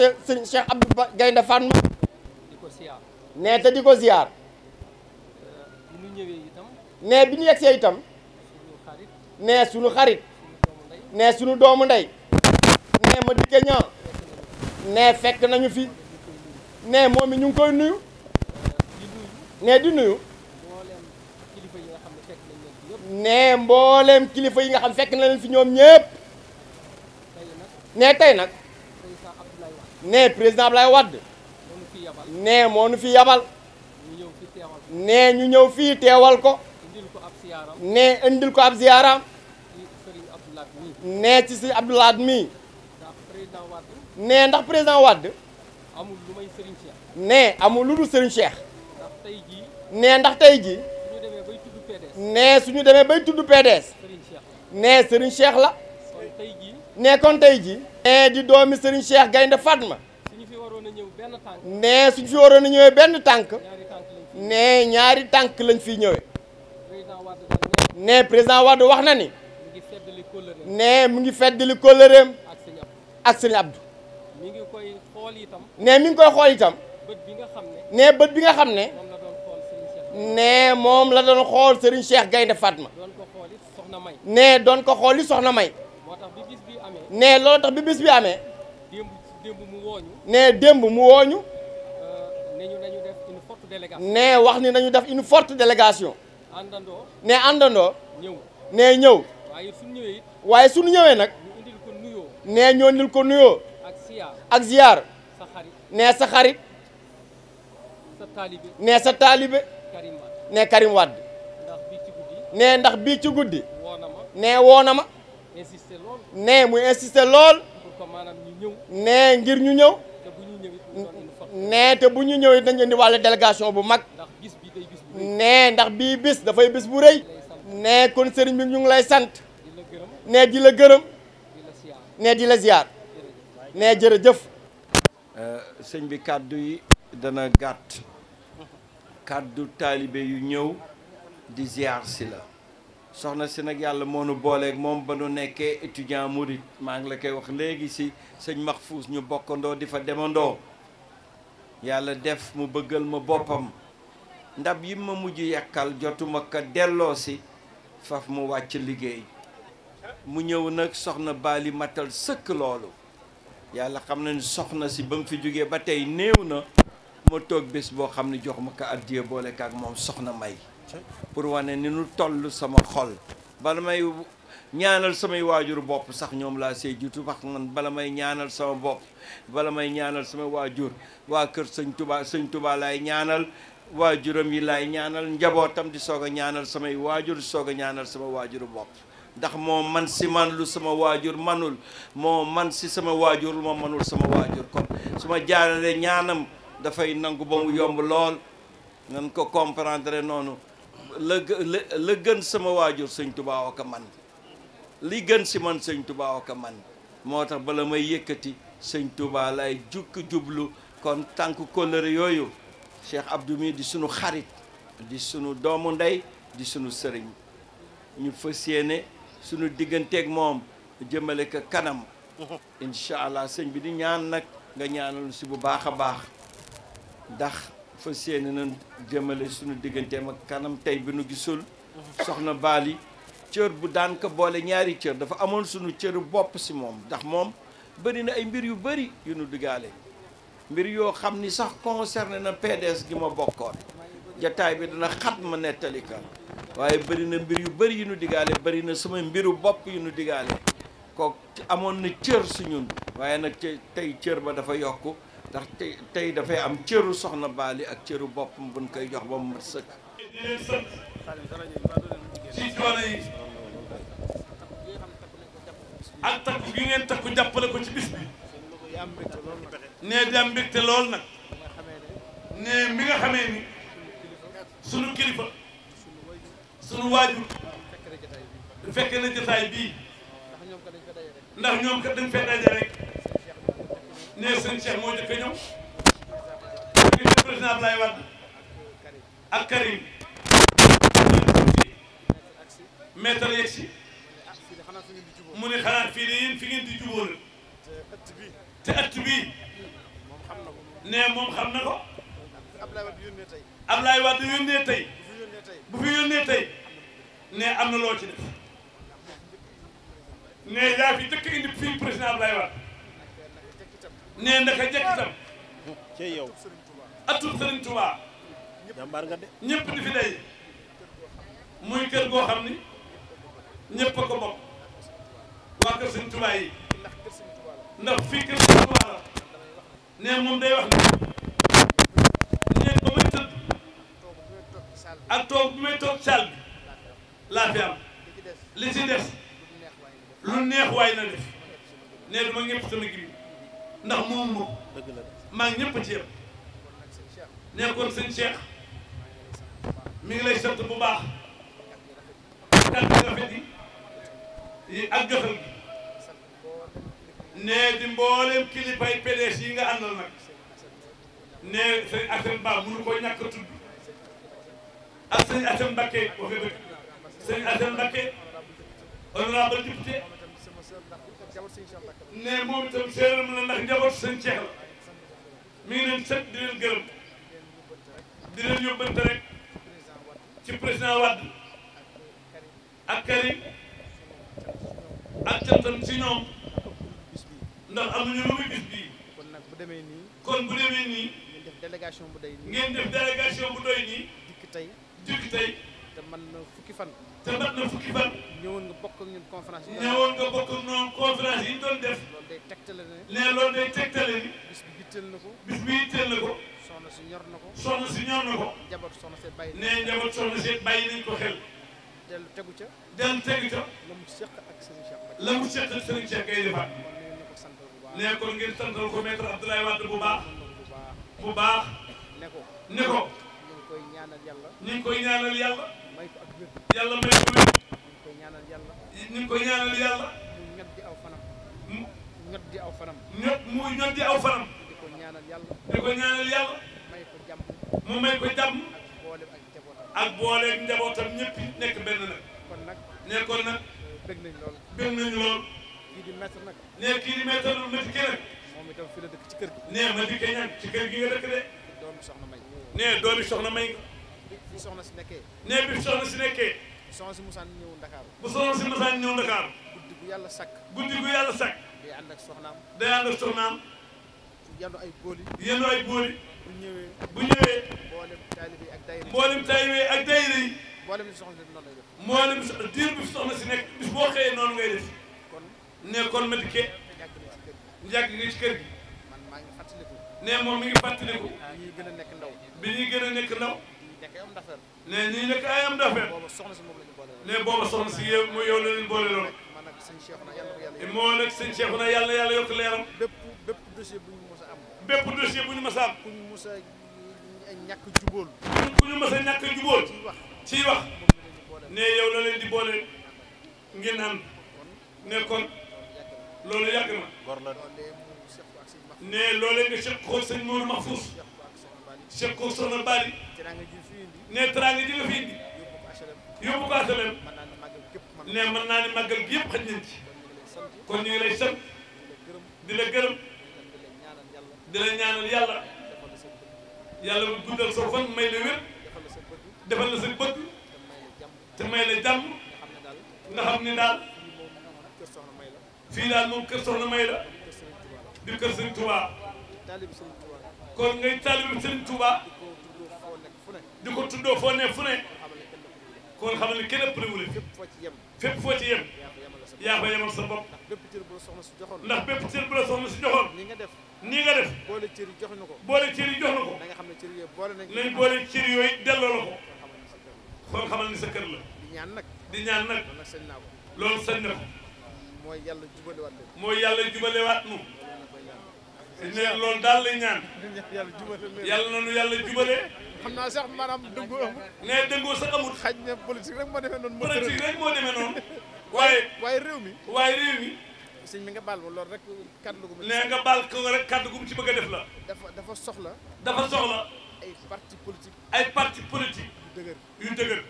se sëriñ Cheikh Abdou Ba Gaynde Fatma nee te di ko ziyaar nee bi ñu yegsee itam nee sunu xarit nee sunu doomu ndey nee ma dikke ñaa nee fekk nañu fi nee moom mi ñu ngi koy nuyu nee di nuyu nee mbooleem kilifa yi nga xam fekk na fi ñoom ñépp nee tey nag ne président Ablaye wadd ne moo nu fi yabal ne ñu ñëw fii teewal ko ne indil ko ab ziyaaram ne ci si Abdou mi ne ndax président Wade ne amul lu dul sëriñ Cheikh ne ndax tey ji ne suñu demee bay tudd PDS ne Serigne Cheikh la ne kon tey ji nee di doomi Serigne Cheikh Gaynde Fatma nee suñu fi waroon a ñëwee benn tànk nee ñaari tànk lañ fi ñëwee nee président Wade wax na ni nee mu ngi feddali kóllëreem ak Serigne Abdou nee mi ngi koy xool itam nee bët bi nga xam ne nee moom la doon xool Serigne Cheikh Gaynde Fatma nee doon ko xool yi soxna May. ne loolu tax bi bis bi amee. démb démb mu wooñu. ne démb mu euh, ñu nañu def une ne wax ni nañu def une forte délégation. àndandoo. ne àndandoo. ñëw ñëw. waaye suñu ñëwee nag. ñu indil ko nuyoo. ne ñoo ko nuyoo. ak ziar ak sa xarit ne sa xarit. sa taalibe Karim Wade ne ndax bii ci guddi. ne ndax nee mu insisté lool nee ngir ñu ñëw nee te bu ñu ñëw it nañu ni wàll délégation bu mag nee ndax bii bis dafay bis bu rëy nee kon sëriñ bi ñu ngi lay sant nee di la gërëm nee di la ziar nee jërëjëf. Euh, sëñ bi kàddu yi dana gàtt kàddu taalibe yu ñëw di ziar si la. soxna si nag yàlla moo nu booleeg moom ba nu nekkee étudiant murit maa ngi la koy wax léegi si sëñ Maxfuus ñu bokkandoo di fa demandoo yàlla def mu bëggal ma boppam ndab yi ma mujj yàkkal jotuma ko delloo si faf mu wàcc liggéey mu ñëw nag soxna baali matal sëkk loolu yàlla xam na ni soxna si ba mu fi jógee ba tey néew na ma toog bés boo xam ne jox ma ko addiya boole ak moom soxna may pour wane ni nu toll sama xol bala may ñaanal samay waajur bopp sax ñoom laa see jiitu wax man bala may ñaanal sama bopp bala may ñaanal sama waajur waa kër sëñ Tuubaa sëñ Tuubaa laay ñaanal waajuram yi laay ñaanal njabootam di soog a ñaanal samay waajur di soog a ñaanal sama waajuru bopp ndax moo man si man lu sama waajur manul moo man si sama waajur lu ma manul sama waajur kon su ma jaaralee ñaanam dafay nangu ba mu yomb lool nan ko comprendre noonu la la gën sama waajur sëñ Tuubaa ak man li gën si man sëñ Tuubaa ak man moo tax bala may yëkkati sëñ Tuubaa lay jukki jublu kon tànk kóllëre yooyu Cheikh Abdou mi di sunu xarit di sunu doomu ndey di sunu sëriñ ñu fas yéene sunu digganteeg moom jëmale ko kanam incha allah sëñ bi di ñaan nag nga ñaanal si bu baax a baax ndax fa yéene na jëmale suñu diggantee ma kanam tey bi nu gisul soxna baali cër bu daan ko boole ñaari cër dafa amoon suñu cëru bopp si moom ndax moom bëri na ay mbir yu bëri yu nu digaale mbir yoo xam ni sax concerné na PDS gi ma bokkoon jataay bi dana xat ma nettali waaye bëri na mbir yu bëri nu diggaale bëri na sama mbiru bopp yu nu digaale kooku amoon na cër si ñun waaye nag tey cër ba dafa yokk ndax tey dafay am cëru soxna Baali ak cëru boppam buñ koy jox ba mu mat sëkk. di leen sant si coono yi ak takku gi ngeen takku jàppale ko ci bis bi nee di lool nag nee mi nga xamee ni sunu kilifa sunu waajur fekke na jotaay bii ndax ñoom kat dañ fee daje rek. ne sëñ Cheikh moo jëkk a di ne président Abdoulaye Wade ak Karim mu ne xanaa fii de yéen fi ngeen di jubóo la te ëtt bii ne moom xam na ko Abdoulaye Wade yónnee tey bu fi yónnee tey ne am na loo ci def ne yaa fi dëkk indi fii président Abdoulaye Wade ne naka jëkk tam. cey yow. atul Serigne Touba. jàmbaar nga day muy kër goo xam ni ñëpp a ko bokk. waa kër Serigne Touba yi. ndax fii kër Serigne Touba la. nee moom day wax ni. nee ba may tëdd. ak toog bu may toog saal bi. laa am. li ci des. lu neex waay na def. nee du ma ñëpp sama gi ndax moom moom maa ngi ñëpp ci yëpp nekkoon sëñ Cheikh mi ngi lay sant bu baax kàddu rafet yi ak jotal gi nee di mboolem kilifay PDS yi nga àndal nag nee sëñ Assane Ba mënu ko ñàkk a tudd ak sëñ Assane Mbacké waxee dëgg sëñ Assane Mbacké honorable député ne moom itam séeram la ndax njaboot sëñ Cheikh la mi ngi leen set di leen gërëm di leen yóbbante rek ci président Wade ak Karim ak cantam si ñoom ndax amuñu lu muy bis kon nag bu demee nii kon bu demee nii ngeen def délégation bu doy nii ngeen def délégation bu doy nii dikk tey dikk tey man na fukki fan te mat fukki fan ñëwoon nga bokk ak ñun conférence yi ñëwoon nga bokk ak ñoom conférence ñu doon def loolu day tegtale ne léegi day tegtale ni bis bi yitteel na ko bis bi yitteel na ko soxna si ñor na ko soxna na ko njaboot soxna seet bàyyi ne njaboot nañ ko xel dellu tegu ca dellu tegu ca la mu seq ak Serigne Cheikh la mu seq ak Serigne Cheikh kay defaat ne kon ngeen santal ko maître Abdoulaye Wade bu baax bu baax ne ko ne ko ñu ngi koy ñaanal yàlla ñu ngi koy ñaanal yàlla yàlla may ko wér. ñu ngi koy ñaanal yàlla. mu ñot di aw fanam. mu ñot di aw fanam. mu ñot aw fanam. di ko ñaanal yàlla. di ko ñaanal may ko jàmm. mu may ko jàmm. ak boole ak njabootam. ak boole ak njabootam nekk benn nag. kon nag nekkoon nag. bëgg nañ lool. bëgg nañ lool. kii di maître nag. ne kii di maître nag ma dikkee nag. moom itam fi la dëkk ci kër gi. ne ma dikkee ñaan ci kër gi nga dëkk de. doomi soxna may. ne doomi soxna may bi soxna si nekkee nee bi soxna si nekkee bu soxna si musaan ñëw ndakaaru bu soxna si musaan ñëw ndakaaru guddi gu yàlla sakk guddi gu yàlla sakk day ànd ak soxnaam day ànd ak soxnaam yendu ay bóoli yendu ay bóoli bu ñëwee bu ñëwee mboolem taalibe ak dayre mboolem taalibe ak dayre yi mboolem li soxna si noonu lay def mboolem diir bi soxna si nekk bis boo xëyee noonu ngay def kon ne kon ma dikkee yàgg nga ci kër gi man maa ngi fàttaliku ne moom mi ngi fàttaliku bi ñuy gën a nekk ndaw bi ñuy gën a nekk ndaw ne nii nekk ay am dafe ne booba soxna si yow mu la leen boole loon moo nag sëñ Cheikh na yàlla yàlla yokk leeram bépp bépp dossier bu ñu mës a am bépp bu ñu mës a am ku ñu mës a ñàkk jubóol ku ñu mës a ñàkk jubóol ciy wax ne yow la leen di boole ngeen am ne kon loolu yàgg na ne loolee nga seq xool sëñ Mourou Mahfous Cheikh Kour Soxna Bari ne teraanga ji nga fi indi yóbbu ko ne mën naa ne màggal gi yëpp xaj nañ ci kon ñu ngi lay sant di la gërëm di la ñaanal yàlla yàlla bu guddal sa fan may la wér defal la sa bëgg te may la jàmm nga xam ni daal fii daal moom kër Soxna may la di kër Sëriñ Tuubaa kon ngay taalibe Sëriñ Tuuba di ko tuddoo foo ne fu ne kon xam ne kenn ëppale wu la foo ci yem yaa fa yemal sa bopp ndax bépp cër bu la soxna si joxoon ndax bépp cër bu la soxna si joxoon nii nga def nii nga def boole cër jox na ko boole cër yi ne cër yooyu boole nañ yooyu delloo la ko kon xamal ni sa kër la di ñaan nag di ñaan nag loolu sañ na ko mooy yàlla jubalewaat mooy yàlla dañ ne loolu daal lay ñaan yàlla na nu yàlla jubale xam naa sax maanaam dëngu amul ne dëngoo sax amul xaj na politique rek moo demee noonu politique rek moo demee noonu waaye waaye réew mi waaye réew mi sëñ mi nga baal ma loolu rek kàddu gu ne nga baal ko rek kàddu gu mu ci bëgg a def la dafa dafa soxla dafa soxla ay parti politique ay parti politique yu dëgër yu dëgër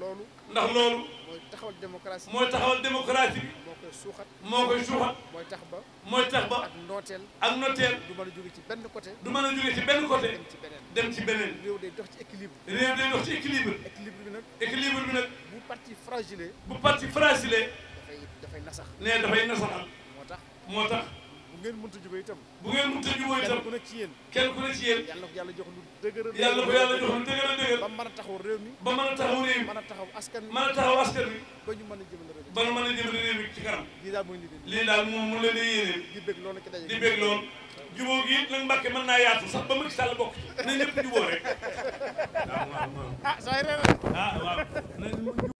loolu ndax loolu mooy taxawal démocratie mooy taxawal démocratie bi moo koy suuxat moo koy suuxat mooy tax ba mooy tax ba ak nooteel ak nooteel du mën a jóge ci benn côté du mën a jóge ci benn côté dem ci beneen dem ci beneen réew day dox ci équilibre réew day dox ci équilibre équilibre bi nag équilibre bi nag bu parti fragile bu parti fragile dafay dafay nasax nee dafay nasaxal moo tax moo tax bu ngeen mënta jubóo itam bu ngeen mënta jubóo itam kenn ku ne ci yéen kenn ku ne ci yéen yàlla ko yàlla jox lu dëgëral yàlla ko yàlla jox lu dëgëral dëgëral ba mën a taxaw réew mi ba mën a taxaw réew mi mën a taxaw askan mën a taxaw askan mi ba ñu mën a jëmale réew mi ba ñu mën a jëmale réew mi ci kanam lii daal mooy liggéey lii daal moom mu leen di yéene di bég loolu ci daje di bég loolu jubóo gi it nag mbàkke mën naa yaatu sax ba Macky Sall bokk ci na ñëpp jubóo rek ah waaw waaw ah